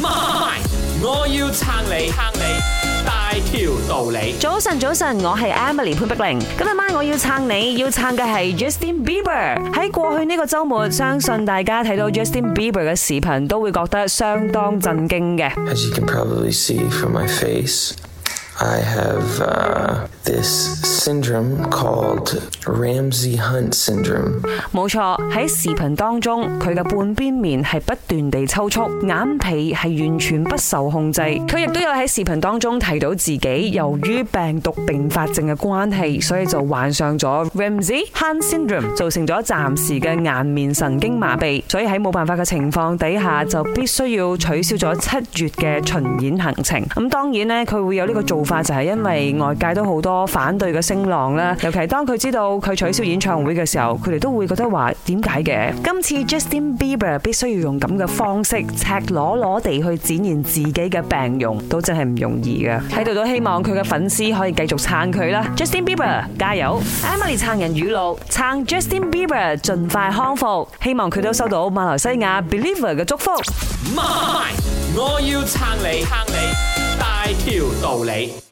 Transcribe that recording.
媽我要撐你，撐你大條道理。早晨，早晨，我係 Emily 潘碧玲。今日媽，我要撐你，要撐嘅係 Justin Bieber。喺過去呢個周末，相信大家睇到 Justin Bieber 嘅視頻，都會覺得相當震驚嘅。This syndrome called Ramsey Hunt syndrome Ramsey syndrome called。冇錯，喺視頻當中，佢嘅半邊面係不斷地抽搐，眼皮係完全不受控制。佢亦都有喺視頻當中提到自己，由於病毒併發症嘅關係，所以就患上咗 Ramsey Hunt syndrome，造成咗暫時嘅顏面神經麻痹。所以喺冇辦法嘅情況底下，就必須要取消咗七月嘅巡演行程。咁當然呢，佢會有呢個做法，就係因為外界都好多。個反對嘅聲浪啦，尤其係當佢知道佢取消演唱會嘅時候，佢哋都會覺得話點解嘅？今次 Justin Bieber 必須要用咁嘅方式赤裸裸地去展現自己嘅病容，都真係唔容易㗎。喺度都希望佢嘅粉絲可以繼續撐佢啦，Justin Bieber 加油！Emily 撐人語錄，撐 Justin Bieber 盡快康復，希望佢都收到馬來西亞 Believer 嘅祝福。我要撐你，撐你大條道理。